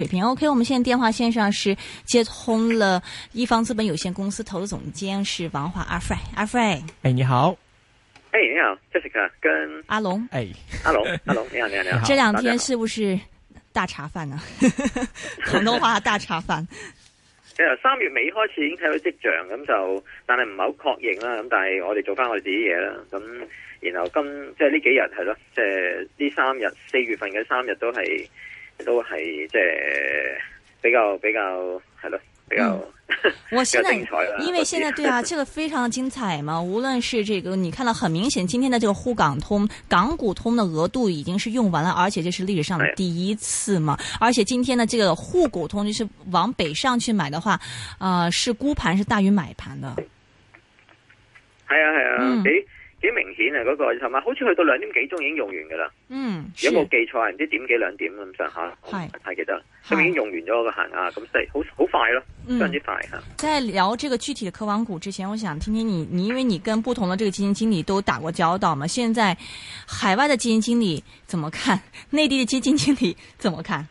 水平 OK，我們現在電話線上是接通了易方資本有限公司投資總監是王華，阿帥阿帥，哎你好，哎、hey, 你好 Jessica 跟阿龍，哎阿龍阿龍你好，你好，你好，hey. hello, hello, hello, hello, hello, 這兩天是不是大茶飯啊？廣東話大茶飯，其 實三月尾開始已經睇到跡象，咁就但係唔係好確認啦，咁但係我哋做翻我哋自己嘢啦，咁然後今即係呢幾日係咯，即係呢三日四月份嘅三日都係。都係即係比較比較係咯，比較，比較比較嗯、我現在因為現在對啊，這個非常精彩嘛。 無論是這個你看到很明顯，今天的這個滬港通、港股通的額度已經是用完了，而且這是歷史上的第一次嘛。啊、而且今天的這個滬股通就是往北上去買的話，呃、的啊，是沽盤是大於買盤的。係啊係啊，嗯欸幾明顯啊！嗰、那個同埋，好似去到兩點幾鐘已經用完噶啦。嗯，有冇記錯啊？唔知點幾兩點咁上下，係係記得，上、嗯、面、嗯、已經用完咗嗰、那個限額咁，四、嗯、好好快咯，非常之快吓。在、嗯嗯、聊這個具體的科網股之前，我想聽聽你，你因為你跟不同的這個基金經理都打過交道嘛，現在海外嘅基金經理怎麼看？內地嘅基金經理怎麼看？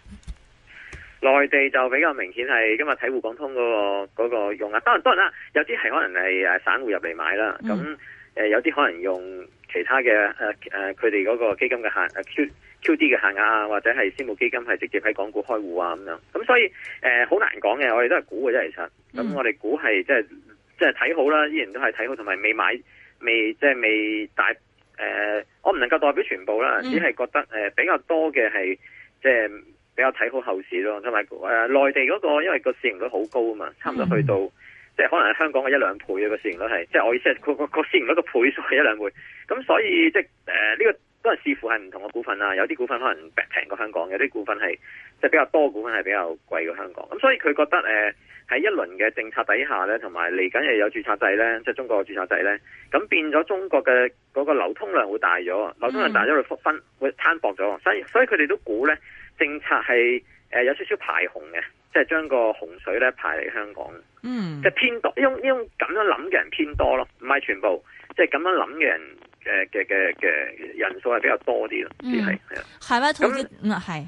內地就比較明顯係今日睇滬港通嗰個、那個用額、啊，當然當然啦、啊，有啲係可能係誒散戶入嚟買啦，咁、嗯。誒、呃，有啲可能用其他嘅誒誒，佢哋嗰個基金嘅限 Q Q D 嘅限額啊，或者係私募基金係直接喺港股開戶啊，咁樣。咁所以誒，好、呃、難講嘅，我哋都係估嘅啫，其實。咁我哋估係即係即係睇好啦，依然都係睇好，同埋未買未即係未大誒、呃，我唔能夠代表全部啦，只係覺得誒、呃、比較多嘅係即係比較睇好後市咯，同埋誒內地嗰、那個，因為個市盈率好高啊嘛，差唔多去到。嗯即係可能係香港嘅一兩倍嘅、啊、個市盈率係，即係我意思係個個市盈率個倍數係一兩倍，咁所以即係誒呢個都係視乎係唔同嘅股份啦、啊，有啲股份可能平過香港，有啲股份係即係比較多股份係比較貴過香港，咁所以佢覺得誒喺、呃、一輪嘅政策底下咧，同埋嚟緊又有注冊制咧，即、就、係、是、中國嘅注冊制咧，咁變咗中國嘅嗰個流通量會大咗，流通量大咗會縮分會攤薄咗，所以所以佢哋都估咧政策係誒、呃、有少少排紅嘅。即係將個洪水咧派嚟香港，嗯，即係偏多，呢種呢種咁樣諗嘅人偏多咯，唔係全部，即係咁樣諗嘅人，誒嘅嘅嘅人數係比較多啲咯，係係啊，海外投資嗯係，係、嗯、啊、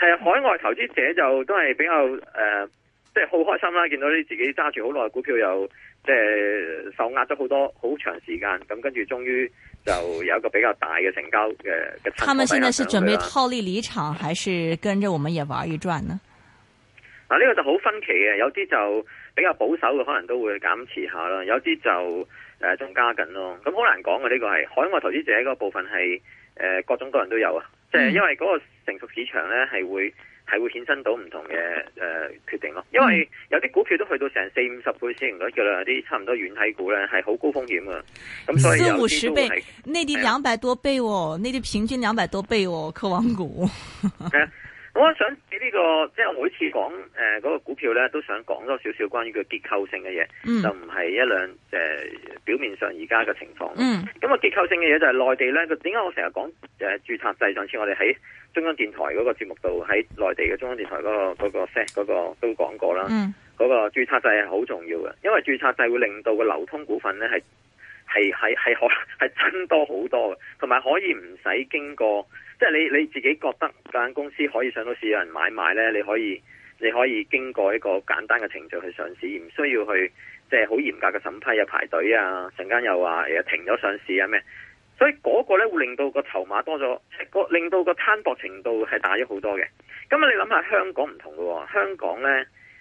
嗯，海外投資者就都係比較誒，即係好開心啦，見到你自己揸住好耐嘅股票又即係受壓咗好多好長時間，咁跟住終於就有一個比較大嘅成交嘅、呃。他們現在是準備套利離場，還是跟着我們也玩一轉呢？嗱，呢個就好分歧嘅，有啲就比較保守嘅，可能都會減持下啦，有啲就誒仲、呃、加緊咯。咁、嗯、好難講嘅呢個係海外投資者個部分係誒、呃、各種各樣都有啊。即、就、係、是、因為嗰個成熟市場咧係會係會衍生到唔同嘅誒、呃、決定咯。因為有啲股票都去到成、嗯、四五十倍市盈率嘅啦，啲差唔多軟體股咧係好高風險嘅。咁所以四五十倍內地兩百多倍喎，內地平均兩百多倍哦，科網、啊哦、股。 我想喺、這、呢個即係我每次講誒嗰個股票咧，都想講多少少關於佢結構性嘅嘢、嗯，就唔係一兩誒、呃、表面上而家嘅情況。咁、嗯、啊，那個、結構性嘅嘢就係內地咧，佢點解我成日講誒注冊制？上次我哋喺中央電台嗰個節目度，喺內地嘅中央電台嗰、那個嗰、那個 set 嗰、那個那個都講過啦。嗰、嗯那個注冊制係好重要嘅，因為注冊制會令到個流通股份咧係。係喺係可係增多好多嘅，同埋可以唔使經過，即係你你自己覺得間公司可以上到市有人買賣呢，你可以你可以經過一個簡單嘅程序去上市，唔需要去即係好嚴格嘅審批啊、排隊啊，陣間又話停咗上市啊咩？所以嗰個呢會令到個籌碼多咗，個令到個攤薄程度係大咗好多嘅。咁啊，你諗下香港唔同嘅、哦，香港呢。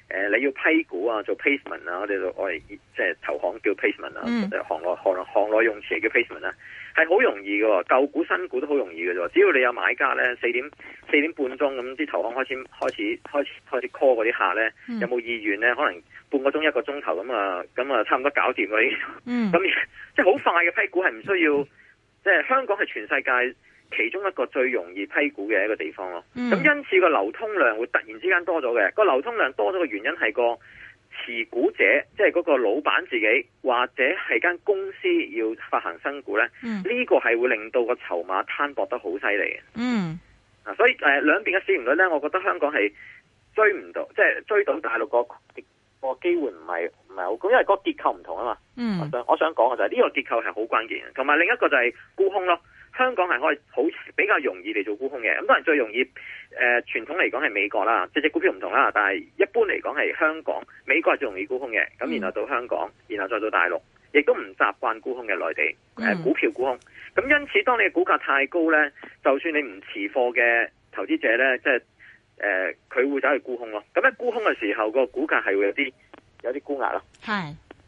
誒、呃，你要批股啊，做 placement 啊，我哋就我哋即係投行叫 placement 啊，嗯、行內行內行內用詞嚟叫 placement 啊，係好容易噶、啊，舊股新股都好容易噶啫、啊，只要你有買家咧，四點四點半鐘咁啲投行開始開始開始開始 call 嗰啲客咧，有冇意願咧，可能半個鐘一個鐘頭咁啊，咁啊，差唔多搞掂嗰啲，咁即係好快嘅批股係唔需要，即、就、係、是、香港係全世界。其中一個最容易批股嘅一個地方咯，咁因此個流通量會突然之間多咗嘅。個流通量多咗嘅原因係個持股者，即係嗰個老闆自己或者係間公司要發行新股咧，呢、嗯、個係會令到個籌碼攤薄得好犀利嘅。嗯、啊，所以誒、呃、兩邊嘅市盈率咧，我覺得香港係追唔到，即、就、係、是、追到大陸個個機會唔係唔係好高，因為個結構唔同啊嘛。嗯，我，我想我想講嘅就係呢個結構係好關鍵，同埋另一個就係沽空咯。香港係可以好比較容易嚟做沽空嘅，咁當然最容易誒，呃、傳統嚟講係美國啦，只只股票唔同啦，但係一般嚟講係香港、美國係最容易沽空嘅，咁然後到香港，嗯、然後再到大陸，亦都唔習慣沽空嘅內地誒、呃、股票沽空，咁、嗯、因此當你嘅股價太高呢，就算你唔持貨嘅投資者呢，即係誒，佢、呃、會走去沽空咯，咁咧沽空嘅時候，個股價係會有啲有啲沽壓咯，係。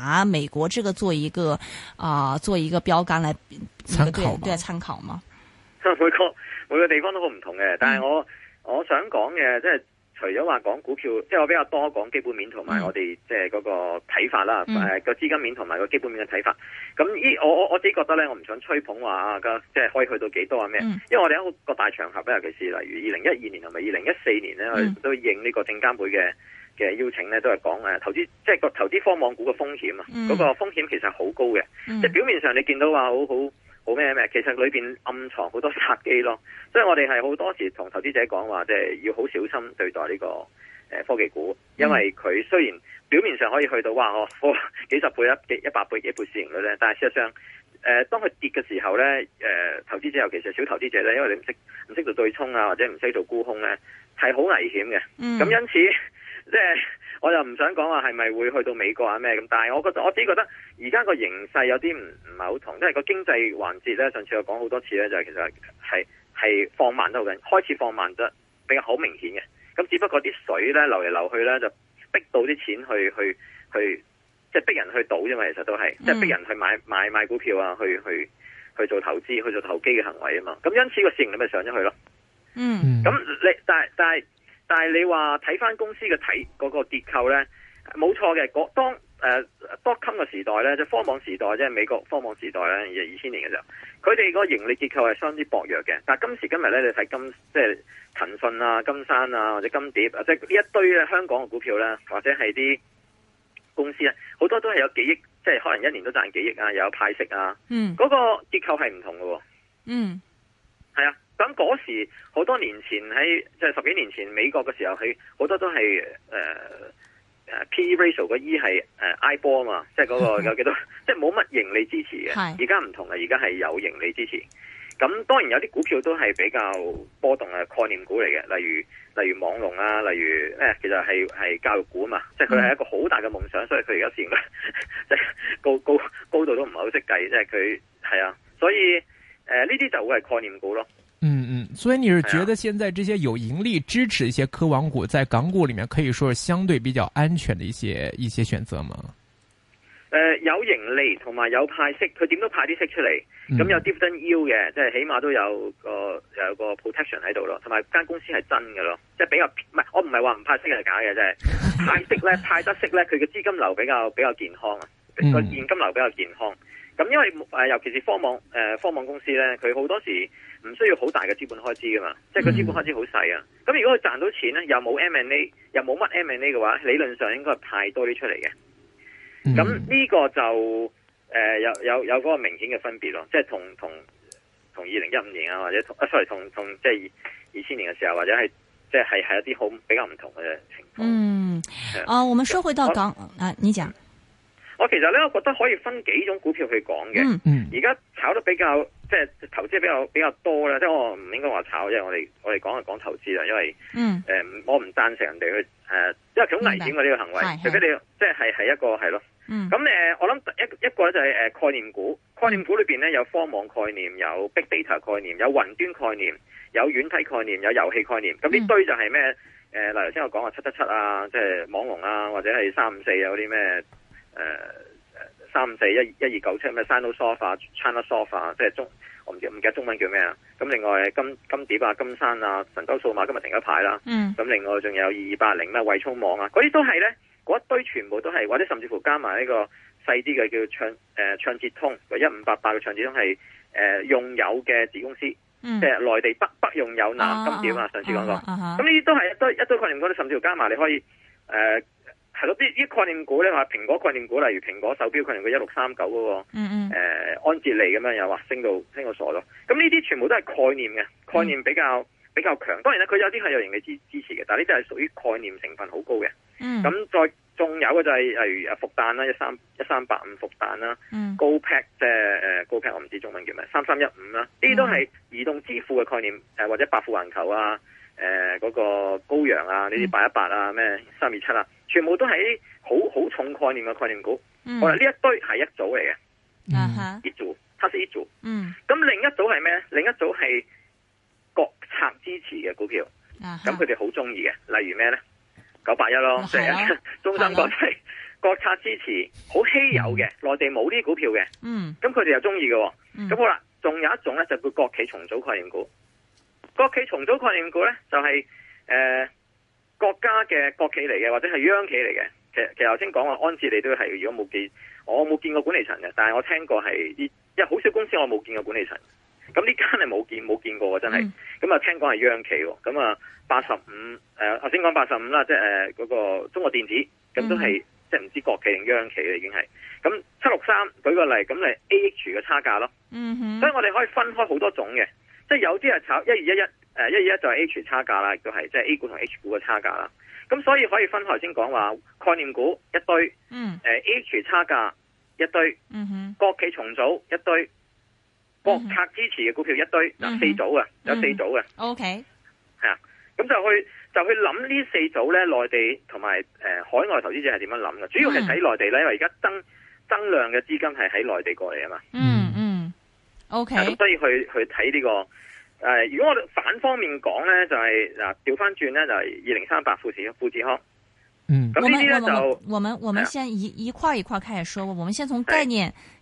拿美國這個做一個啊、呃、做一個標杆來參考對，參考嘛？每個每個地方都好唔同嘅、嗯，但係我我想講嘅，即係除咗話講股票，即係我比較多講基本面同埋我哋即係嗰個睇法啦，係、嗯、個、啊、資金面同埋個基本面嘅睇法。咁依、嗯、我我我自己覺得咧，我唔想吹捧話啊，嘅即係可以去到幾多啊咩、嗯？因為我哋一個大場合啊，尤其是例如二零一二年同埋二零一四年咧，嗯、都認呢個證監會嘅。嘅邀請咧，都係講投資，即係個投資科網股嘅風險啊！嗰、嗯那個風險其實好高嘅、嗯，即係表面上你見到話好好好咩咩，其實裏面暗藏好多殺機咯。所以我哋係好多時同投資者講話，即係要好小心對待呢、這個、呃、科技股，因為佢雖然表面上可以去到哇哦幾十倍、一幾一百倍、幾倍市盈率咧，但係事實上誒、呃、當佢跌嘅時候咧、呃，投資者尤其是小投資者咧，因為你唔識唔識做對沖啊，或者唔識做沽空咧、啊，係好危險嘅。咁、嗯、因此。即係，我又唔想講話係咪會去到美國啊咩咁，但係我覺得我自己覺得，而家個形勢有啲唔唔係好同，即係個經濟環節咧，上次我講好多次咧，就係其實係係放慢得好緊，開始放慢得比較好明顯嘅，咁只不過啲水咧流嚟流去咧就逼到啲錢去去去，即係逼人去賭啫嘛，其實都係，即係，嗯，逼人去買買買股票啊，去去去做投資、去做投機嘅行為啊嘛，咁因此個事情你咪上咗去咯。嗯。咁你但係但係。但係你話睇翻，公司嘅體嗰個結構咧，冇錯嘅。當 dot com 嘅時代咧，即係科網時代，即係美國科網時代咧，二千年嘅時候，佢哋個盈利結構係相當之薄弱嘅。但係今時今日咧，你睇金，即係騰訊啊、金山啊或者金蝶啊，即係呢一堆香港嘅股票咧，或者係啲公司呢，好多都係有幾億，即係可能一年都賺幾億啊，又有派息啊，嗯，嗰個結構係唔同嘅，嗯，係啊。咁嗰時好多年前喺即係十幾年前美國嘅時候，佢好多都係誒誒 PE ratio 個 E 係誒、e. 呃、I 波啊嘛，即係嗰個有幾多，即係冇乜盈利支持嘅。而家唔同啦，而家係有盈利支持。咁當然有啲股票都係比較波動嘅概念股嚟嘅，例如例如網龍啊，例如誒、呃，其實係係教育股啊嘛，即係佢係一個好大嘅夢想， 所以佢而家先即係高高高度都唔係好識計，即係佢係啊。所以誒呢啲就會係概念股咯。嗯嗯，所以你是覺得現在這些有盈利支持一些科網股，在港股裏面可以說是相對比較安全的一些一些選擇嗎？誒、呃，有盈利同埋有派息，佢點都派啲息出嚟，咁、嗯嗯、有 dividend yield 嘅，即係起碼都有個有個 protection 喺度咯，同埋間公司係真嘅咯，即係比較唔係，我唔係話唔派息係假嘅，即 係派息咧派得息咧，佢嘅資金流比較比較健康啊，個、嗯、現金流比較健康。咁因為誒，尤其是科網誒，呃、科網公司咧，佢好多時唔需要好大嘅資本開支噶嘛，嗯、即係個資本開支好細啊。咁如果佢賺到錢咧，又冇 M&A，又冇乜 M&A 嘅話，理論上應該係派多啲出嚟嘅。咁、嗯、呢個就誒、呃、有有有個明顯嘅分別咯，即係同同同二零一五年啊，或者、啊、sorry，同 sorry 同同即係二千年嘅時候，或者係即係係一啲好比較唔同嘅情況、嗯。嗯，啊，我們說回到港啊，你講。嗯我其實咧，我覺得可以分幾種股票去講嘅。嗯嗯。而家炒得比較即係投資比較比較多咧，即係我唔應該話炒，即係我哋我哋講係講投資啦。因為嗯誒、呃，我唔贊成人哋去誒，因為佢好危險嘅呢、這個行為，除非你即係係係一個係咯。嗯。咁誒，我諗一一個咧就係誒概念股，概念股裏邊咧有科網概念，有 Big Data 概念，有雲端概念，有軟體概念，有軟體概念，有遊戲概念。咁呢堆就係咩？誒、嗯、嗱，頭、呃、先我講話七七七啊，即、就、係、是、網龍啊，或者係三五四啊啲咩？誒、呃，三四一一二九七咩？Sino Soft、China Soft、啊、即係中，我唔知唔記得中文叫咩啊？咁另外金金蝶啊、金山啊、神州數碼今日停咗牌啦。嗯。咁另外仲有二二八零咩？慧聰網啊，嗰啲都係咧，嗰一堆全部都係，或者甚至乎加埋呢、這個細啲嘅叫暢」呃「誒暢捷通個一五八八嘅暢捷通係誒、呃、用友嘅子公司，嗯、即係內地北北用友南金蝶啊，上次講過。咁呢啲都係一堆一堆概念，甚至乎加埋你可以誒。呃係咯，啲啲概念股咧，話蘋果概念股，例如蘋果手錶概念股一六三九嗰個，誒、嗯嗯呃、安捷利咁樣又話升到升到傻咯。咁呢啲全部都係概念嘅，概念比較、嗯、比較強。當然咧，佢有啲係有盈利支支持嘅，但係呢啲係屬於概念成分好高嘅。咁、嗯、再仲有嘅就係、是、例如復旦啦，一三一三八五復旦啦、嗯，高拍即係誒高拍，我唔知中文叫咩，三三一五啦，呢啲都係移動支付嘅概念，誒、呃、或者百富環球啊。誒、呃，嗰、那個高陽啊，呢啲八一八啊，咩三二七啊，全部都係好好重概念嘅概念股。好啦，呢一堆係一組嚟嘅，一組，係一組。嗯，咁、嗯、另一組係咩？另一組係國策支持嘅股票。咁佢哋好中意嘅，例如咩咧？九八一咯，即、嗯、係、就是、中芯國際國策支持，好稀有嘅，內地冇呢啲股票嘅。嗯，咁佢哋又中意嘅。嗯，咁好啦，仲有一種咧就叫國企重組概念股。國企重組概念股呢，就係、是、誒、呃、國家嘅國企嚟嘅，或者係央企嚟嘅。其實其實頭先講話安置你都係，如果冇見，我冇見過管理層嘅。但係我聽過係啲，因為好少公司我冇見過管理層。咁呢間係冇見冇見過嘅，真係。咁啊，聽講係央企喎。咁啊、呃，八十五誒，頭先講八十五啦，即係嗰、那個中國電子，咁都係、嗯、即係唔知國企定央企嘅已經係。咁七六三舉個例，咁你 A H 嘅差價咯、嗯。所以我哋可以分開好多種嘅。即係有啲係炒一二一一，誒一二一就係 H 差價啦，亦都係即係 A 股同 H 股嘅差價啦。咁所以可以分開先講話，概念股一堆，誒、嗯呃、H 差價一堆、嗯，國企重組一堆，嗯、國策支持嘅股票一堆，嗱、嗯、四組嘅，有、嗯、四組嘅、嗯。O.K. 係啊，咁就去就去諗呢四組咧，內地同埋誒海外投資者係點樣諗嘅？主要係睇內地咧、嗯，因為而家增增量嘅資金係喺內地過嚟啊嘛。嗯。OK，咁所以去去睇呢、這個，誒、呃，如果我哋反方面講咧，就係、是、嗱，調翻轉咧就係二零三八富士富士康。嗯，咁呢啲咧，就，我們我們先一一塊一塊開始說，我我們先從概念。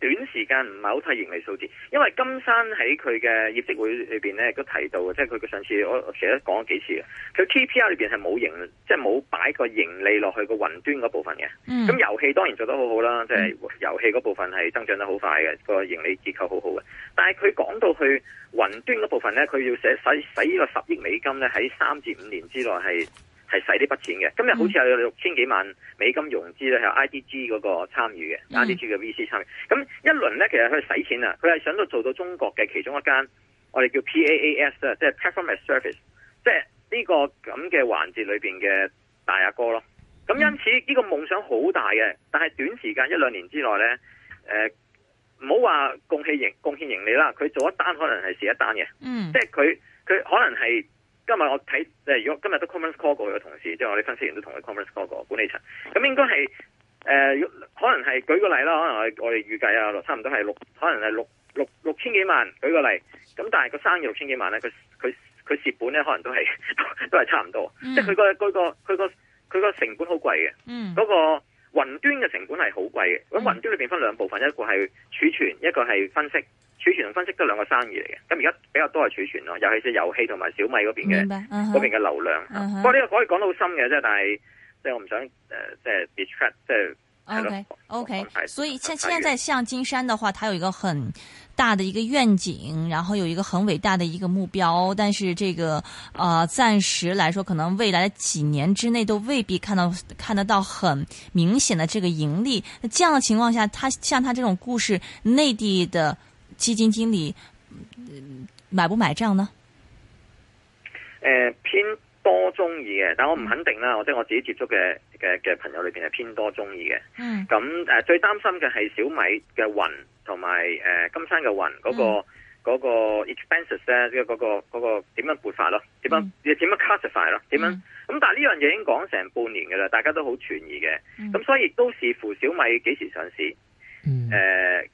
短時間唔係好睇盈利數字，因為金山喺佢嘅業績會裏邊咧都提到，即係佢佢上次我我寫都講咗幾次嘅，佢 KPI 裏邊係冇盈，即係冇擺個盈利落去個雲端嗰部分嘅。咁、嗯、遊戲當然做得好好啦，即係遊戲嗰部分係增長得好快嘅，個盈利結構好好嘅。但係佢講到去雲端嗰部分咧，佢要寫使使呢個十億美金咧喺三至五年之內係。係使呢筆錢嘅，今日好似有六千幾萬美金融資咧，係 IDG 嗰個參與嘅、mm.，IDG 嘅 VC 參與。咁一輪咧，其實佢使錢啊，佢係想到做到中國嘅其中一間，我哋叫 PaaS 即係 Performance Service，即係呢個咁嘅環節裏面嘅大阿哥咯。咁因此呢個夢想好大嘅，但係短時間一兩年之內咧，誒唔好話貢獻盈貢獻盈利啦，佢做一單可能係蝕一單嘅，mm. 即係佢佢可能係。今日我睇，誒如果今日都 conference call 過嘅同事，即係我哋分析員都同佢 conference call 過管理層，咁應該係誒、呃，可能係舉個例啦，可能我我哋預計啊，差唔多係六，可能係六六六千幾萬，舉個例，咁但係個生意六千幾萬咧，佢佢佢蝕本咧，可能都係都係差唔多，mm. 即係佢個佢佢個佢個成本好貴嘅，嗰、mm. 個雲端嘅成本係好貴嘅，咁、mm. 雲端裏邊分兩部分，一個係儲存，一個係分析。儲存同分析都兩個生意嚟嘅，咁而家比較多係儲存咯，尤其是遊戲同埋小米嗰邊嘅，嗰、嗯、邊嘅流量。嗯、不過呢個可以講到好深嘅啫，但係即係我唔想誒，即係 distract、呃、即係。O K O K，所以現現在像金山的話，它有一個很大的一個願景，然後有一個很偉大的一個目標，但是這個啊、呃、暫時來說，可能未來幾年之內都未必看到看得到很明顯的這個盈利。那這樣的情況下，它像它這種故事，內地的。基金經理買不買賬呢？誒、呃，偏多中意嘅，但我唔肯定啦。或、嗯、者我，我自己接觸嘅嘅嘅朋友裏邊係偏多中意嘅。嗯。咁、嗯、誒、嗯嗯嗯，最擔心嘅係小米嘅雲同埋誒金山嘅雲嗰、那個嗰、嗯那個 expenses 咧，即係嗰個嗰、那個點樣撥發咯？點樣？你點樣 classify 咯、嗯？點樣？咁但係呢樣嘢已經講成半年㗎啦，大家都好存疑嘅。咁所以亦都視乎小米幾時上市。誒、嗯，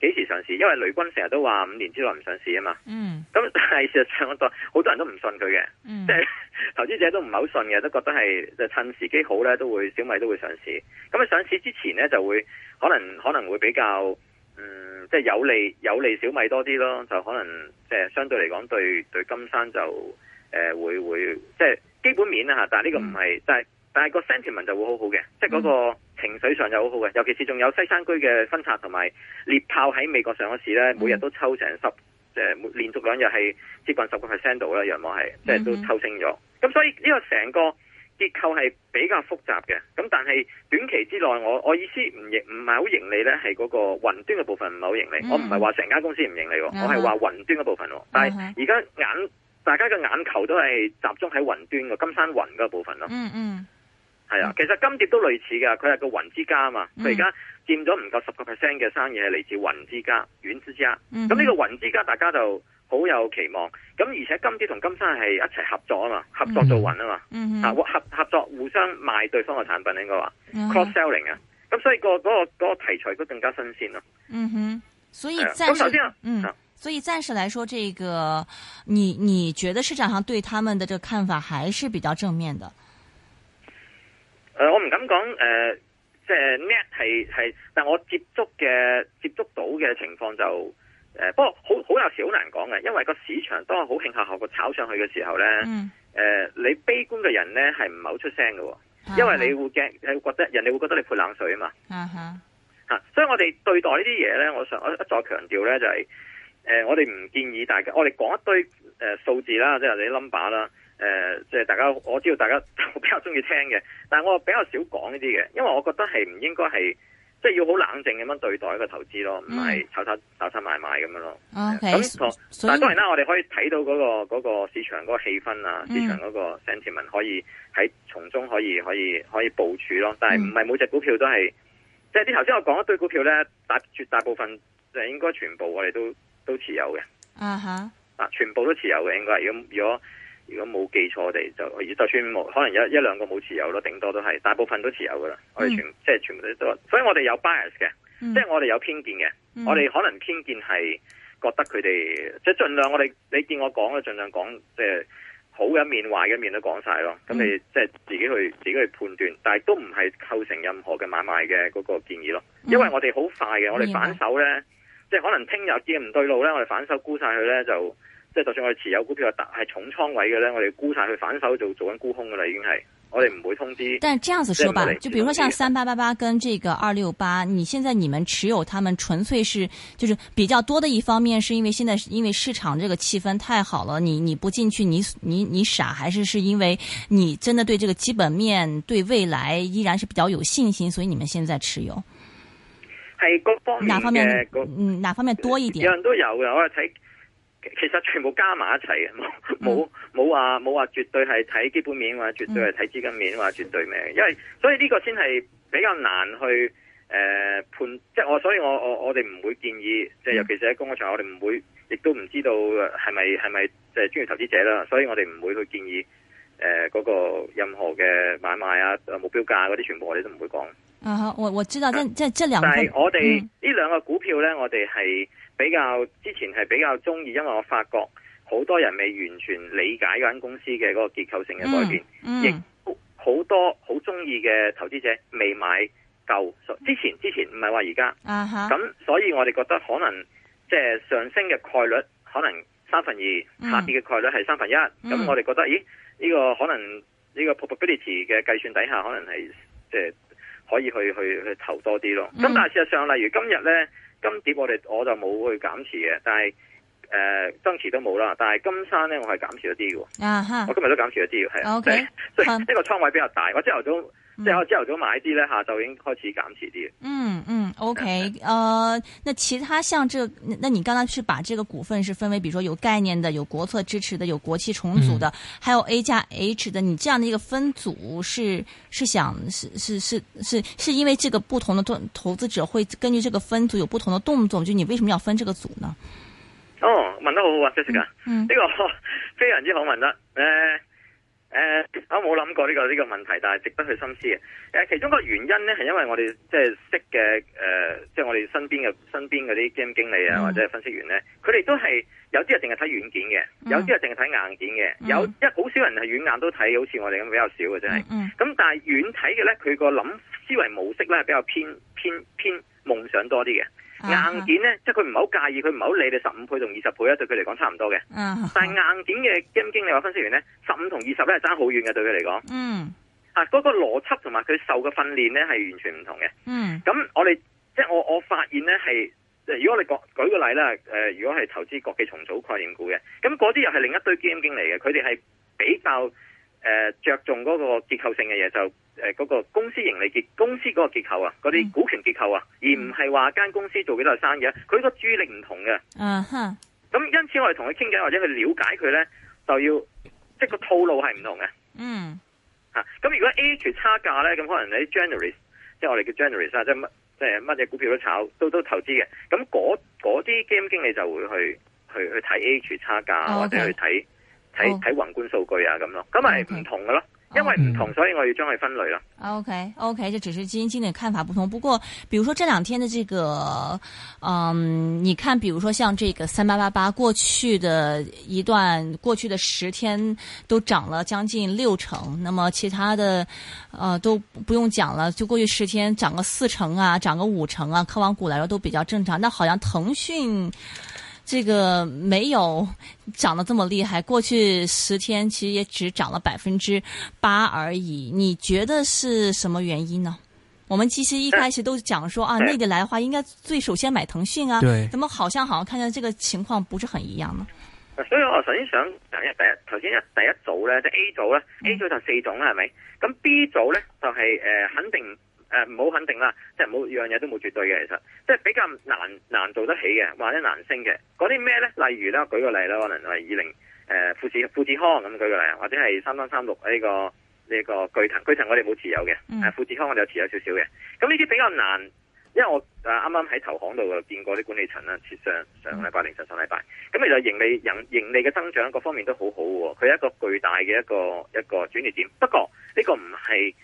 幾、呃、時上市？因為雷軍成日都話五年之內唔上市啊嘛。嗯。咁但係事實上，好多人都唔信佢嘅。嗯。即 係投資者都唔係好信嘅，都覺得係就趁時機好呢，都會小米都會上市。咁啊，上市之前呢，就會可能可能會比較嗯，即、就、係、是、有利有利小米多啲咯。就可能即係、就是、相對嚟講對對金山就誒、呃、會會即係、就是、基本面啦但係呢個唔係，但係、嗯、但係個 sentiment 就會好好嘅、嗯，即係、那、嗰個。情緒上就好好嘅，尤其是仲有西山居嘅分拆同埋獵豹喺美國上市呢，嗯、每日都抽成十，即連續兩日係接近十個 percent 度啦，陽摩係，即係、就是、都抽清咗。咁、嗯、所以呢個成個結構係比較複雜嘅。咁但係短期之內我，我我意思唔唔係好盈利呢，係嗰個雲端嘅部分唔係好盈利。嗯、我唔係話成間公司唔盈利喎、嗯，我係話雲端嘅部分、嗯。但係而家眼、嗯、大家嘅眼球都係集中喺雲端嘅金山雲嗰部分咯。嗯嗯。係啊，其實金蝶都類似㗎，佢係個雲之家嘛，佢而家佔咗唔夠十個 percent 嘅生意係嚟自雲之家、遠之家。咁、嗯、呢個雲之家大家就好有期望，咁而且金蝶同金山係一齊合作啊嘛，合作做雲啊嘛，嗯、啊合合作互相賣對方嘅產品應該話、嗯。cross selling 啊，咁所以、那個、那個嗰、那個題材都更加新鮮咯。嗯哼，所以暫時咁、啊、首先、啊，嗯，所以暫時嚟說，這個你你覺得市場上對他們的這個看法還是比較正面的。誒、呃，我唔敢講誒，即、呃、係、就是、net 係係，但係我接觸嘅接觸到嘅情況就誒、呃，不過好好，好有時好難講嘅，因為個市場都係好慶客效果炒上去嘅時候咧，誒、嗯呃，你悲觀嘅人咧係唔係好出聲嘅，因為你會驚，你會覺得、嗯、人哋會覺得你潑冷水啊嘛，嗯哼，吓、嗯啊，所以我哋對待呢啲嘢咧，我想我一再強調咧就係、是，誒、呃，我哋唔建議大家，我哋講一堆誒數、呃、字啦，即係你 number 啦。誒、呃，即、就、係、是、大家我知道大家比較中意聽嘅，但係我比較少講呢啲嘅，因為我覺得係唔應該係，即、就、係、是、要好冷靜咁樣對待一個投資咯，唔係炒炒炒炒買買咁樣咯。咁、okay, 嗯、但係當然啦，我哋可以睇到嗰、那個、那個市場嗰個氣氛啊、嗯，市場嗰個 sentiment 可以喺從中可以可以可以部署咯。但係唔係每隻股票都係，即係啲頭先我講一堆股票咧，大絕大部分就應該全部我哋都都持有嘅。啊、uh -huh. 全部都持有嘅應該，如果如果。如果冇記錯我哋，我哋就就算冇，可能有一一兩個冇持有咯，頂多都係大部分都持有噶啦、嗯。我哋全即係全部都都，所以我哋有 bias 嘅、嗯，即係我哋有偏見嘅、嗯。我哋可能偏見係覺得佢哋、嗯、即係盡量我哋，我哋你見我講咧，盡量講即係好嘅一面、壞嘅一面都講晒咯。咁、嗯、你即係自己去自己去判斷，但係都唔係構成任何嘅買賣嘅嗰個建議咯。因為我哋好快嘅，我哋反手咧、嗯嗯，即係可能聽日見唔對路咧，我哋反手沽晒佢咧就，即係，就算我哋持有股票係重倉位嘅咧，我哋沽晒佢反手就做緊沽空噶啦，已經係我哋唔會通知。但係這樣子說吧，就，是、就比如說像三八八八跟這個二六八，你現在你們持有他們，純粹是就是比較多的一方面，是因為現在因為市場這個氣氛太好了，你你不進去，你你你傻，還是是因為你真的對這個基本面對未來依然是比較有信心，所以你們現在持有。係各方面嘅嗯，哪方面多一點？樣都有嘅，我睇。其實全部加埋一齊嘅，冇冇、嗯、話冇話絕對係睇基本面，或者絕對係睇資金面，或者絕對咩？因為所以呢個先係比較難去誒、呃、判，即係我所以我我我哋唔會建議，即係尤其是喺公開場，我哋唔會，亦都唔知道係咪係咪即係專業投資者啦。所以我哋唔會去建議誒嗰、呃那個任何嘅買賣啊，目標價嗰啲全部我哋都唔會講。啊，我我知道，即即係這兩，係我哋呢兩個股票呢，我哋係。比較之前係比較中意，因為我發覺好多人未完全理解嗰間公司嘅嗰個結構性嘅改變，亦、嗯嗯、好多好中意嘅投資者未買夠。之前之前唔係話而家，咁、啊、所以我哋覺得可能即係、就是、上升嘅概率可能三分二，下跌嘅概率係三分一。咁、嗯、我哋覺得，嗯、咦呢、呢個可能呢、呢個 probability 嘅計算底下可能係即係可以去去去投多啲咯。咁但係事實上，例如今日呢。金碟，我哋我就冇去減持嘅，但係誒增持都冇啦，但係金山咧我係減持咗啲嘅，啊、uh -huh。我今日都減持咗啲嘅，係，okay。所以呢個倉位比較大，我朝頭早。即係我朝頭早買啲咧吓，就已經開始減持啲。嗯嗯，OK，呃，那其他像這，那你剛才是把這個股份是分為，比如說有概念的、有國策支持的、有國企重組的，嗯、還有 A 加 H 的，你這樣的一個分組是是想是是是是是因為這個不同的投，投資者會根據這個分組有不同的動作，就你為什麼要分這個組呢？哦，問得好好啊，Jessica，呢個非常之好問得誒。呃誒、呃，我冇諗過呢、這個呢、這個問題，但係值得去深思嘅。誒、呃，其中一個原因咧，係因為我哋即係識嘅，誒、呃，即、就、係、是、我哋身邊嘅身邊嘅啲基金經理啊，嗯、或者係分析員咧，佢哋都係有啲係淨係睇軟件嘅，有啲係淨係睇硬件嘅，有一好、嗯就是、少人係軟硬都睇，好似我哋咁比較少嘅真係。咁、就是、但係軟睇嘅咧，佢個諗思維模式咧，比較偏偏偏夢想多啲嘅。硬件咧，uh -huh. 即係佢唔係好介意，佢唔係好理你十五倍同二十倍啊，對佢嚟講差唔多嘅。嗯，但係硬件嘅基金經理或分析員咧，十五同二十咧係爭好遠嘅，對佢嚟講。嗯，啊，嗰個邏輯同埋佢受嘅訓練咧係完全唔同嘅。嗯、uh -huh.，咁我哋即係我我發現咧係，如果我哋舉個例啦，誒、呃，如果係投資國企重組概念股嘅，咁嗰啲又係另一堆基金經理嘅，佢哋係比較。誒，着重嗰個結構性嘅嘢，就誒，嗰個公司盈利結，公司嗰個結構啊，嗰啲股權結構啊，嗯、而唔係話間公司做幾多生意啊，佢個注意力唔同嘅。嗯、啊、哼。咁因此我哋同佢傾偈或者去了解佢咧，就要即係、就是、個套路係唔同嘅。嗯。吓、啊，咁如果 H 差價咧，咁可能喺 generalists 即係我哋叫 generalists 啊，即係乜即係乜嘢股票都炒，都都投資嘅。咁嗰嗰啲基金經理就會去去去睇 H 差價、哦、或者去睇。Okay. 睇睇宏觀數據啊咁咯，咁咪唔同嘅咯，okay. 因為唔同，okay. 所以我要將佢分類咯。O K O K，這只是基金經理看法不同。不過，比如說這兩天的這個，嗯、呃，你看，比如說像這個三八八八，過去的一段，過去的十天都漲了將近六成，那麼其他的，呃，都不用講了，就過去十天漲個四成啊，漲個五成啊，科網股來說都比較正常。那好像騰訊。這個沒有漲得這麼厲害，過去十天其實也只漲了百分之八而已。你覺得是什麼原因呢？我們其實一開始都講說、呃、啊，內地來的話應該最首先買騰訊啊，對，怎麼好像好像看見這個情況不是很一樣呢？所以我首先想，講一下第一頭先一第一組呢，即、就是、A 組呢，A 組，呢 A 組就四種啦，係咪？咁 B 組呢，就係、是、誒、呃，肯定。誒、呃，唔好肯定啦，即係冇樣嘢都冇絕對嘅，其實即係比較難難做得起嘅，或者難升嘅嗰啲咩咧？例如啦，我舉個例啦，可能係二零誒富士富士康咁舉個例啊，或者係三三三六呢個呢、這個巨騰巨騰，我哋冇持有嘅、啊，富士康我哋有持有少少嘅。咁呢啲比較難，因為我誒啱啱喺投行度見過啲管理層啦，設上上禮拜定上上禮拜，咁其實盈利盈盈利嘅增長各方面都很好好、哦，佢係一個巨大嘅一個一個轉折點。不過呢、這個唔係。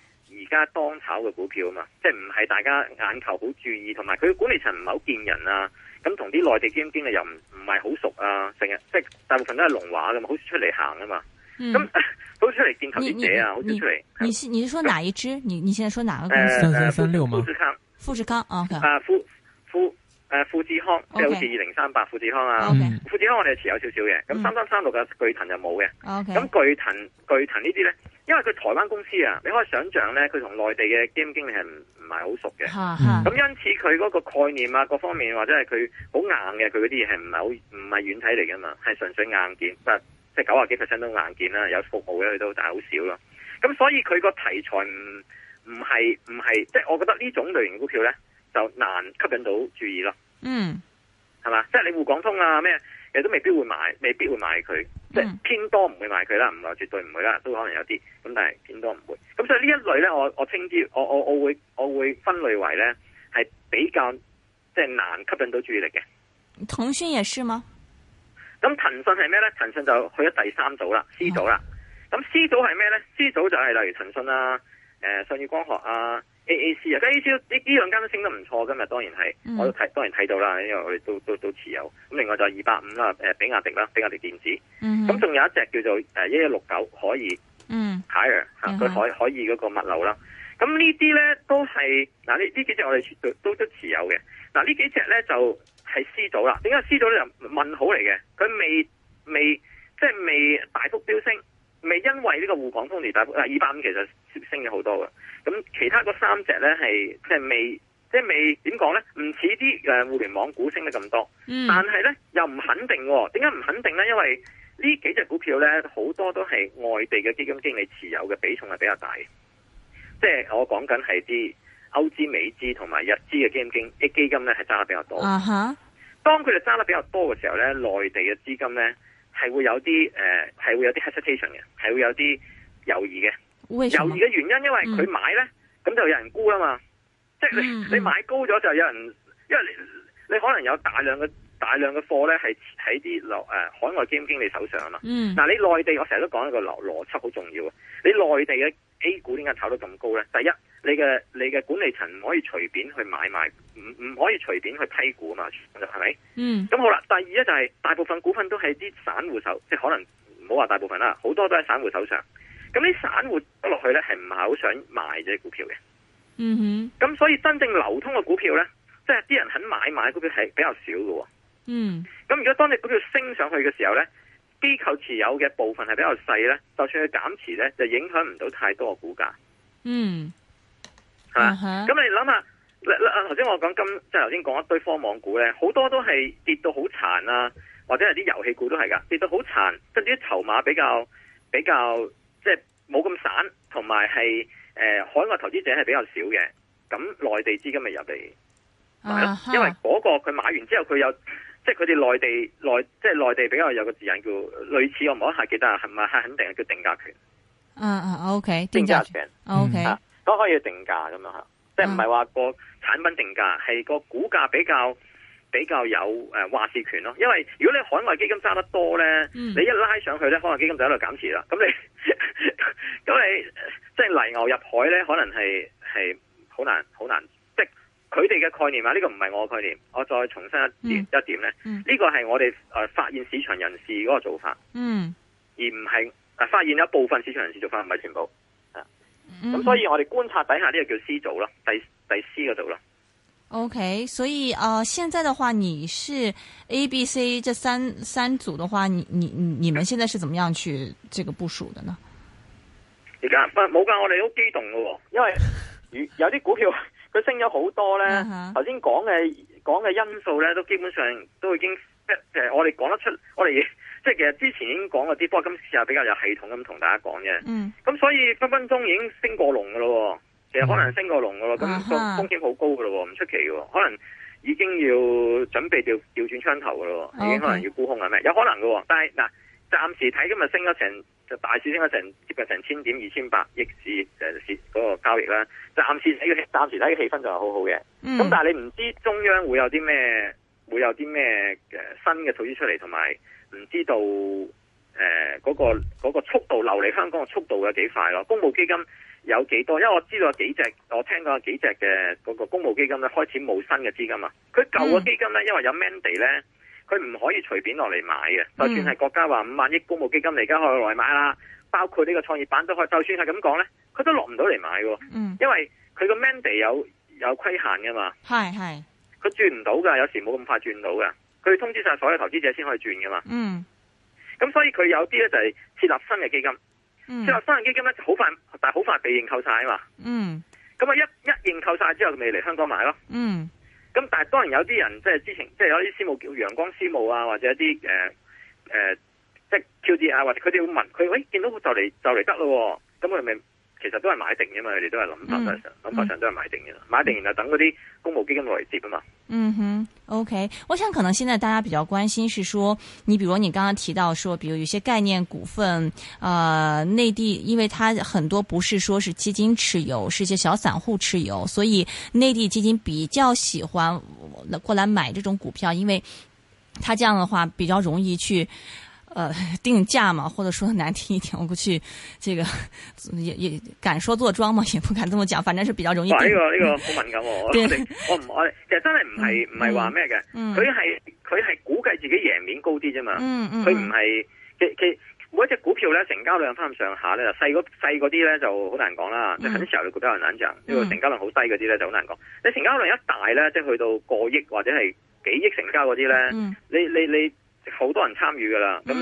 而家當炒嘅股票啊嘛，即係唔係大家眼球好注意，同埋佢管理層唔係好見人啊，咁同啲內地基金經理又唔唔係好熟啊，成日即係大部分都係龍華噶嘛，好少出嚟行啊嘛，咁、嗯、好、嗯、出嚟見投資者啊，好少出嚟。你你是你說哪一支？你你現在說哪個？誒，三三三六嗎？富士康，富士康、okay. 啊，啊富富誒富，富士康，即、okay. 係好似二零三八富士康啊，okay. 富士康我哋持有少少嘅，咁三三三六嘅巨騰就冇嘅，咁、okay. 巨騰巨騰呢啲咧。因為佢台灣公司啊，你可以想象咧，佢同內地嘅基金經理係唔唔係好熟嘅，咁、嗯、因此佢嗰個概念啊，各方面或者係佢好硬嘅，佢嗰啲嘢係唔係好唔係軟體嚟噶嘛，係純粹硬件，即係九啊幾 percent 都硬件啦，有服務嘅佢都，但係好少咯。咁所以佢個題材唔唔係唔係，即係、就是、我覺得呢種類型股票咧，就難吸引到注意咯。嗯，係嘛，即、就、係、是、你滬港通啊咩？什麼其實都未必會買，未必會買佢，即係偏多唔會買佢啦，唔、嗯、話絕對唔會啦，都可能有啲，咁但係偏多唔會。咁、嗯、所以呢一類咧，我我稱之，我我我會我會分類為咧，係比較即係、就是、難吸引到注意力嘅。騰訊也是嗎？咁騰訊係咩咧？騰訊就去咗第三組啦，C 組啦。咁、哦、C 組係咩咧？C 組就係例如騰訊啦、啊，誒、呃，信宇光學啊。A A C 啊，咁 A C 呢呢兩間都升得唔錯，今日當然係、嗯，我都睇當然睇到啦，因為我哋都都都持有，咁另外就二百五啦，誒，比亞迪啦，比亞迪電子，咁、嗯、仲有一隻叫做誒一一六九可以，嗯，吓，佢可可以嗰個物流啦，咁、嗯、呢啲咧都係嗱呢呢幾隻我哋都都、都持有嘅，嗱、啊、呢幾隻咧就係、是、C 組啦，點解 C 組咧就問號嚟嘅，佢未未即係未大幅飆升。未因為呢個滬港通而大幅，誒二百五其實升咗好多嘅。咁其他嗰三隻咧係即係未，即係未點講咧？唔似啲誒互聯網股升得咁多，嗯、但係咧又唔肯定、哦。點解唔肯定咧？因為呢幾隻股票咧，好多都係外地嘅基金經理持有嘅比重係比較大。即、就、係、是、我講緊係啲歐資、美資同埋日資嘅基金經，啲基金咧係揸得比較多。啊哈！當佢哋揸得比較多嘅時候咧，內地嘅資金咧。係會有啲誒，係、呃、會有啲 hesitation 嘅，係會有啲猶豫嘅。猶豫嘅原因，因為佢買咧，咁、嗯、就有人沽啊嘛。即係你嗯嗯你買高咗就有人，因為你你可能有大量嘅。大量嘅貨咧係喺啲流誒海外基金經理手上啊嘛。嗱，嗯，你內地我成日都講一個邏邏輯好重要啊。你內地嘅 A 股點解炒到咁高咧？第一，你嘅你嘅管理層唔可以隨便去買賣，唔唔可以隨便去批股啊嘛，係咪？嗯。咁好啦，第二咧就係大部分股份都係啲散戶手，即係可能唔好話大部分啦，好多都係散戶手上。咁啲散戶落去咧係唔係好想賣啲股票嘅？嗯哼。咁所以真正流通嘅股票咧，即係啲人肯買賣股票係比較少嘅。嗯，咁如果當你股票升上去嘅時候咧，機構持有嘅部分係比較細咧，就算佢減持咧，就影響唔到太多嘅股價。嗯，咁、啊、你諗下，頭先我講今即係頭先講一堆科網股咧，好多都係跌到好殘啊，或者係啲遊戲股都係噶，跌到好殘，即係啲籌碼比較比較即係冇咁散，同埋係誒海外投資者係比較少嘅，咁內地資金咪入嚟，係咯、啊，因為嗰、嗰個佢買完之後佢有。即係佢哋內地內，即係內地比較有個字眼叫類似我唔好下記得係咪？係肯定係叫定價權。啊、uh, 啊，OK，定價權，OK，、啊、都可以定價咁樣吓，即係唔係話個產品定價係、uh. 個股價比較比較有誒話事權咯。因為如果你海外基金揸得多咧，uh. 你一拉上去咧，海外基金就喺度減持啦。咁你咁、嗯、 你即係泥牛入海咧，可能係係好難好難。佢哋嘅概念嘛，呢、這個唔係我嘅概念。我再重申一一點咧，呢、嗯這個係我哋誒、呃、發現市場人士嗰個做法，嗯、而唔係誒發現一部分市場人士做法唔係全部。咁、啊、所以我哋觀察底下呢個叫 C 組咯，第第 C 個組咯。OK，所以啊、呃，現在的話，你是 A、B、C 這三三組的話，你你你你們現在是怎麼樣去這個部署的呢？而家唔冇噶，我哋都激動噶、哦，因為有啲股票.。 佢升咗好多咧，頭先講嘅講嘅因素咧，都基本上都已經即係、呃、我哋講得出，我哋即係其實之前已經講過啲，不過今次啊比較有系統咁同大家講嘅。咁、mm. 所以分分鐘已經升過龍噶咯，其實可能升過龍噶咯，咁、mm. 風風險好高噶咯，唔、uh、出 -huh. 奇噶，可能已經要準備調調轉槍頭噶咯，已經可能要沽空係咩？okay. 有可能噶，但係嗱，暫、呃、時睇今日升咗成。就大市升咗成接近成千點二千八億市誒市、嗰個交易啦，就暫時睇個暫時睇個氣氛就係好好嘅。咁、mm. 但係你唔知中央會有啲咩會有啲咩新嘅措施出嚟，同埋唔知道誒嗰、呃嗰個、嗰個速度流嚟香港嘅速度有幾快咯？公募基金有幾多？因為我知道有幾隻，我聽過有幾隻嘅嗰個公募基金咧開始冇新嘅資金啊！佢舊嘅基金咧，因為有 mandy 咧。佢唔可以隨便落嚟買嘅，就算係國家話五萬億公募基金你而家可以落嚟買啦。包括呢個創業板都可以，就算係咁講咧，佢都落唔到嚟買嘅。嗯，因為佢個 mandate 有有規限嘅嘛。係係，佢轉唔到噶，有時冇咁快轉到噶。佢通知晒所有投資者先可以轉噶嘛。嗯，咁所以佢有啲咧就係設立新嘅基金，設、嗯、立新嘅基金咧就好快，但係好快被認購晒啊嘛。嗯，咁啊一一認購晒之後，咪嚟香港買咯。嗯。咁但係當然有啲人即係之前即係有啲私募叫陽光私募啊，或者一啲誒誒即係 QD 啊，或者佢哋會問佢，喂、哎、見到就嚟就嚟得咯喎，咁係咪？其實都係買定嘅嘛，佢哋都係諗法上諗、嗯嗯、法上都係買定嘅啦，買定然後等嗰啲公募基金來接啊嘛。嗯哼，OK，我想可能現在大家比較關心是說，你比如你剛剛提到說，比如有些概念股份，呃，內地因為它很多不是說是基金持有，是一些小散戶持有，所以內地基金比較喜歡過來買這種股票，因為它這樣的話比較容易去。呃，定價嘛，或者說難聽一點，我過去，這個也也敢說做莊嘛，也不敢這麼講，反正是比較容易。呢、這個呢、這個好敏感，我唔我，我其實真係唔係唔係話咩嘅，佢係佢係估計自己贏面高啲啫嘛，佢唔係其其每一隻股票咧成交量翻咁上下咧，細嗰細嗰啲咧就好難講啦，即係有啲時候你覺得難講，因、嗯、為成交量好低嗰啲咧就好難講。你成交量一大咧，即係去到過億或者係幾億成交嗰啲咧，你你你。你好多人參與噶啦，咁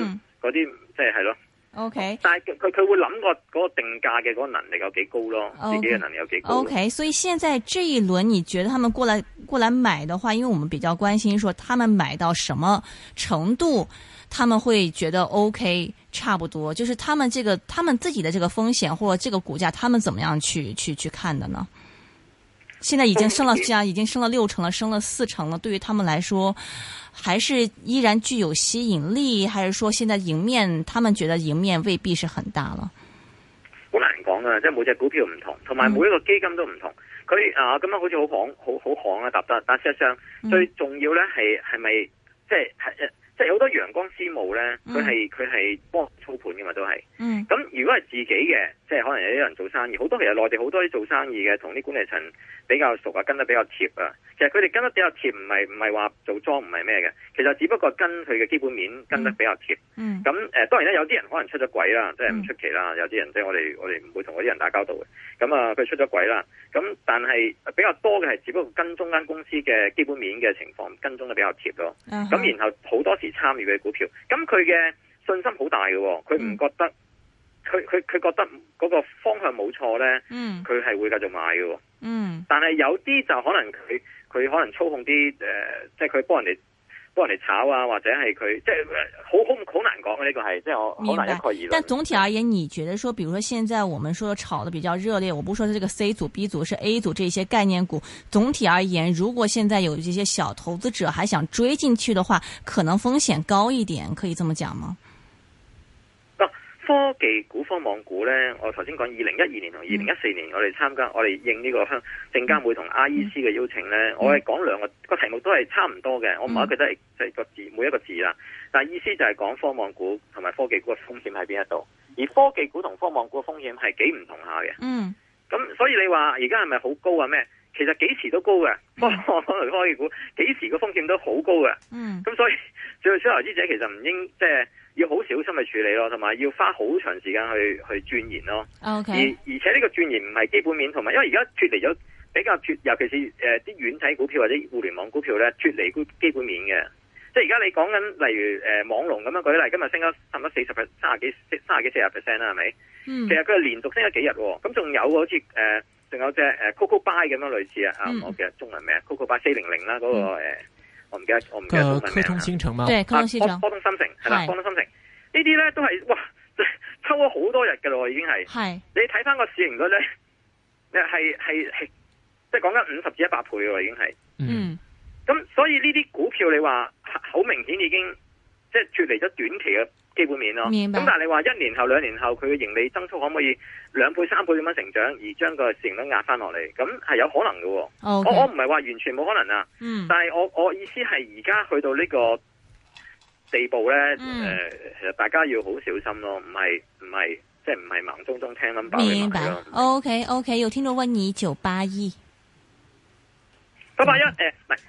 嗰啲即係係咯。OK，但係佢佢會諗過嗰個定價嘅嗰個能力有幾高咯，自己嘅能力有幾高。OK，OK，所以現在這一輪你覺得他們過來過來買的話，因為我們比較關心，說他們買到什麼程度，他們會覺得 OK，差不多，就是他們這個他們自己的這個風險或者這個股價，他們怎麼樣去去去看的呢？現在已經升了，啊，已經升了六成了，升了四成了。對於他們來說，還是依然具有吸引力，還是說現在迎面，他們覺得迎面未必是很大了。好難講啊，即係每隻股票唔同，同埋每一個基金都唔同。佢、嗯、啊，咁樣好似好行，好好行啊，答得。但事實上最、嗯、重要咧，係係咪即係係即係好多陽光私募咧，佢係佢係幫操盤嘅嘛，都係。嗯。咁、嗯、如果係自己嘅。即係可能有啲人做生意，好多其實內地好多啲做生意嘅，同啲管理層比較熟啊，跟得比較貼啊。其實佢哋跟得比較貼，唔係唔係話做莊唔係咩嘅。其實只不過跟佢嘅基本面跟得比較貼。咁、嗯、誒、呃，當然咧，有啲人可能出咗軌啦，即係唔出奇啦。嗯、有啲人即係、就是、我哋我哋唔會同嗰啲人打交道嘅。咁啊，佢、呃、出咗軌啦。咁但係比較多嘅係，只不過跟中間公司嘅基本面嘅情況跟蹤得比較貼囉。咁、嗯、然後好多時參與嘅股票，咁佢嘅信心好大嘅、喔，佢唔覺得。佢佢佢覺得嗰個方向冇錯咧，嗯，佢係會繼續買嘅，嗯。但係有啲就可能佢佢可能操控啲誒，即係佢幫人哋幫人哋炒啊，或者係佢即係好好好難講嘅呢個係，即係我好難一概而論。但總體而言，你覺得說，比如說現在我們說的炒得比較熱烈，我不說係這個 C 組、B 組是 A 組這些概念股。總體而言，如果現在有這些小投資者還想追進去的話，可能風險高一點，可以咁樣講嗎？科技股、科網股呢，我頭先講二零一二年同二零一四年，嗯、我哋參加，我哋應呢、這個香港證監會同 I E C 嘅邀請呢。嗯、我係講兩個個題目都係差唔多嘅，我唔係覺得即係個字每一個字啦，但係意思就係講科網股同埋科技股嘅風險喺邊一度，而科技股同科網股嘅風險係幾唔同下嘅。嗯，咁所以你話而家係咪好高啊咩？其實幾時都高嘅，方方嚟，科技股，幾時個風險都好高嘅。嗯，咁所以做小投資者其實唔應，即係、就是、要好小心去處理咯，同埋要花好長時間去去鑽研咯、okay。而而且呢個鑽研唔係基本面，同埋因為而家脫離咗比較脫，尤其是誒啲軟體股票或者互聯網股票咧，脫離基本面嘅。即係而家你講緊例如誒、呃、網龍咁樣舉例，今日升咗差唔多四十 percent，三十幾三十幾四十 percent 啦，係咪？嗯、其實佢係連續升咗幾日、啊，咁仲有好似誒，仲、呃、有隻誒 CocoBuy 咁樣類似啊、嗯嗯，我記得中文名 CocoBuy 四零零啦，嗰、那個誒、嗯、我唔記得我唔記得中文名啦、啊。對，科通芯、啊啊、城科通芯城科通科通芯城呢啲咧都係哇，抽咗好多日嘅咯，已經係。係。你睇翻個市盈率咧，係係係，即係講緊五十至一百倍嘅已經係。嗯。咁、嗯、所以呢啲股票你話好明顯已經即係脱離咗短期嘅。基本面咯，咁但係你話一年後、兩年後，佢嘅盈利增速可唔可以兩倍、三倍咁樣成長而將，而將個市盈率壓翻落嚟，咁係有可能嘅、okay。我我唔係話完全冇可能啊、嗯，但係我我意思係而家去到呢個地步咧，誒、嗯，其、呃、實大家要好小心咯，唔係唔係，即係唔係盲中中聽 number。OK OK，又聽到威爾九八一。九八一，誒、呃、唔、呃、係，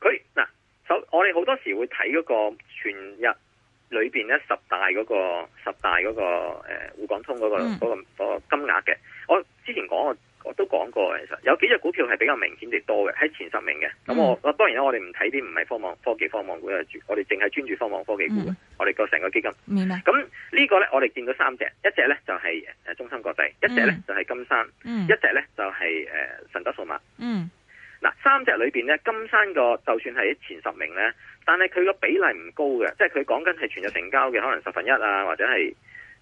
佢嗱，首、呃、我哋好多時候會睇嗰個全日。裏邊咧十大嗰、那個十大嗰、那個誒滬、呃、港通嗰、那個、嗯那個金額嘅，我之前講我我都講過其實有幾隻股票係比較明顯地多嘅，喺前十名嘅。咁、嗯、我當然啦，我哋唔睇啲唔係科網科技科網股嘅，我哋淨係專注科網科技股嘅、嗯，我哋個成個基金。明白。咁呢個咧我哋見到三隻，一隻咧就係、是、誒中芯國際，一隻咧就係、是、金山，嗯、一隻咧就係、是、誒、呃、神州數碼。嗯。嗱，三隻裏邊咧，金山個就算係前十名咧，但係佢個比例唔高嘅，即係佢講緊係全日成交嘅，可能十分一啊，或者係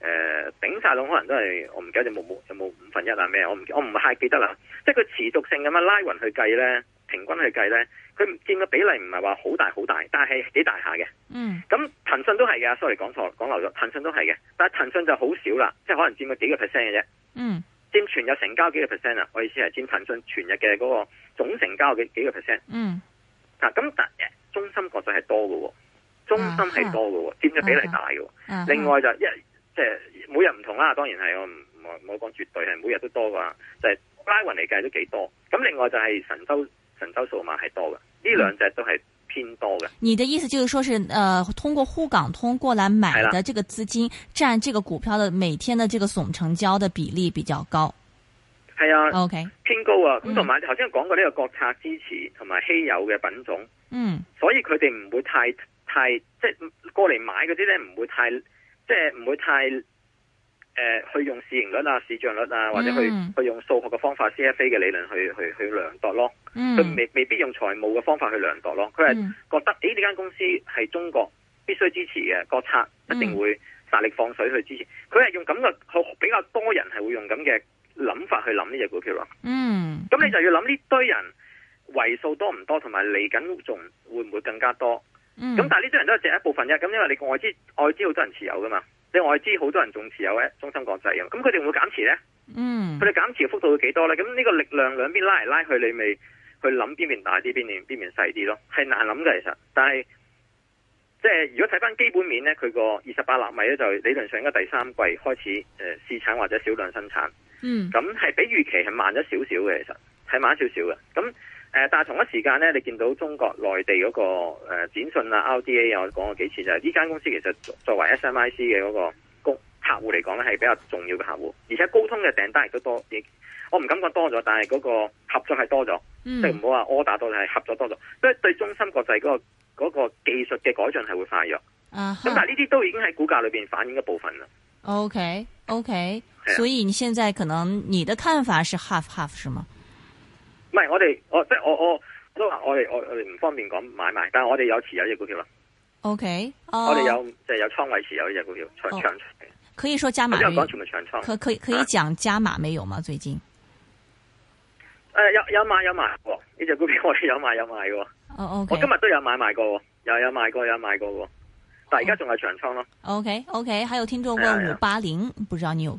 誒頂晒窿，可能都係我唔記得有冇冇有冇五分一啊咩我唔我唔太記得啦。即係佢持續性咁樣拉勻去計咧，平均去計咧，佢唔占個比例唔係話好大好大，但係幾大下嘅。嗯。咁騰訊都係嘅，sorry 講錯講漏咗，騰訊都係嘅，但係騰訊就好少啦，即係可能占個幾個 percent 嘅啫。嗯。佔全日成交幾個 percent 啊？我意思係佔騰訊全日嘅嗰個總成交嘅幾個 percent。嗯。啊，咁但然中心確實係多嘅，中心係多嘅，啊，佔咗比例大嘅，啊。另外就一即係每日唔同啦，當然係我唔我我講絕對係每日都多㗎，就係拉勻嚟計都幾多。咁另外就係神州神州數碼係多嘅。呢兩隻都係偏多嘅。你的意思就是說是，是，呃，通過滬港通過來買的這個資金，佔這個股票的每天的這個總成交的比例比較高。係啊，OK，偏高啊。咁同埋頭先講過呢個國策支持同埋稀有嘅品種，嗯，所以佢哋唔會太太，即係過嚟買嗰啲呢，唔會太，即係唔會太。誒、呃，去用市盈率啊、市賬率啊，或者去、mm. 去用數學嘅方法、C F A 嘅理論去去去量度咯。佢、mm. 未未必用財務嘅方法去量度咯。佢係覺得誒呢間公司係中國必須支持嘅，國策一定會大力放水去支持。佢係用咁嘅，比較多人係會用咁嘅諗法去諗呢隻股票咯。嗯，咁你就要諗呢堆人為數多唔多，同埋嚟緊仲會唔會更加多？嗯，咁但係呢堆人都係只一部分啫。咁因為你外資外資好多人持有噶嘛。即係我知好多人仲持有咧，中芯國際嘅，咁佢哋會唔會減持咧？嗯，佢哋減持幅度會幾多咧？咁呢個力量兩邊拉嚟拉去，你咪去諗邊邊大啲，邊邊邊面細啲咯，係難諗嘅其實。但係即係如果睇翻基本面咧，佢個二十八納米咧就理論上應該第三季開始誒試產或者少量生產。嗯，咁係比預期係慢咗少少嘅，其實係慢少少嘅。咁誒、呃，但係同一時間咧，你見到中國內地嗰、那個誒、呃、展訊啊、RDA 啊，我講過幾次就係呢間公司，其實作為 SMIC 嘅嗰個客戶嚟講咧，係比較重要嘅客戶，而且高通嘅訂單亦都多，亦我唔敢講多咗，但係嗰個合作係多咗，即係唔好話 order 打多，係合作多咗，所以對中芯國際嗰、那個嗰、那個技術嘅改進係會快約啊。咁但係呢啲都已經喺股價裏邊反映一部分啦。OK OK，、yeah. 所以你現在可能你的看法是 half half 是嗎？唔係我哋，我即係我我都話我哋我我哋唔方便講買賣，但係我哋有持有隻股票咯。O、okay, K，、uh, 我哋有即係、就是、有倉位持有呢隻股票，uh, 長倉、哦。可以說加碼嗎？可以可以可以講加碼沒有嗎？最、啊、近？誒、uh, 哦 uh, okay.，有有買有買喎，呢隻股票我哋有買有買嘅。哦我今日都有買賣過，又有賣過，有賣過嘅。但係而家仲係長倉咯。O K O K，還有聽眾問五八零，不知道你有。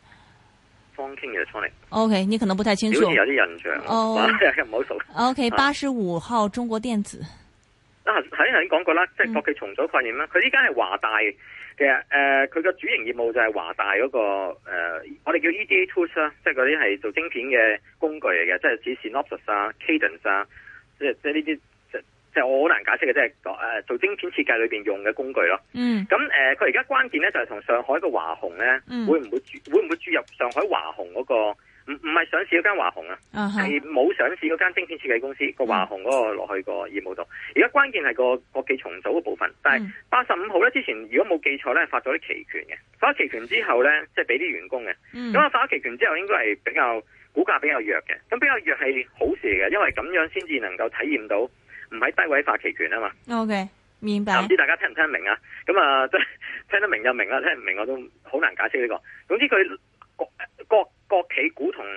光傾嘅創 O K，你可能不太清楚。有啲印象。O 唔好數。O K，八十五號、啊、中國電子。啊，頭先講過啦，即、就、係、是、國企重組概念啦。佢呢間係華大嘅，誒、呃，佢嘅主營業務就係華大嗰、那個、呃、我哋叫 EDA tools 啦、啊，即係嗰啲係做晶片嘅工具嚟嘅、啊，即係指是 Synopsys 啊、Cadence 啊，啊即係即係呢啲。就是、我好難解釋嘅，即係誒做晶片設計裏邊用嘅工具咯。嗯。咁誒，佢而家關鍵咧就係、是、同上海嘅華虹咧，會唔會會唔會注入上海華虹嗰個？唔唔係上市嗰間華虹啊，係冇上市嗰間晶片設計公司那華那個華虹嗰個落去個業務度。而、嗯、家關鍵係個國企重組嘅部分。但係八十五號咧，之前如果冇記錯咧，發咗啲期權嘅，發咗期權之後咧，即係俾啲員工嘅。嗯。咁啊，發咗期權之後，應該係比較股價比較弱嘅。咁比較弱係好事嚟嘅，因為咁樣先至能夠體驗到。唔喺低位發期權啊嘛，Okay. 明白。唔知大家聽唔聽得明啊？咁啊，聽聽得明就明啦，聽唔明我都好難解釋呢個。總之佢國國國企股同誒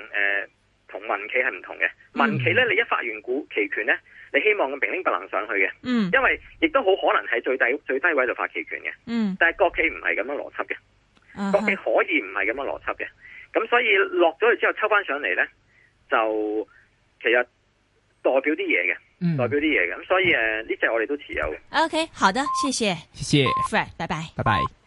同民企係唔同嘅、嗯。民企咧，你一發完股期權咧，你希望佢平平不能上去嘅。嗯。因為亦都好可能係最低最低位度發期權嘅。嗯。但係國企唔係咁樣邏輯嘅，uh-huh. 國企可以唔係咁樣邏輯嘅。咁所以落咗去之後抽翻上嚟咧，就其實代表啲嘢嘅。代表啲嘢嘅，咁所以誒呢隻我哋都持有嘅。OK，好的，謝謝，謝謝，Frank，拜拜，拜拜。Bye bye。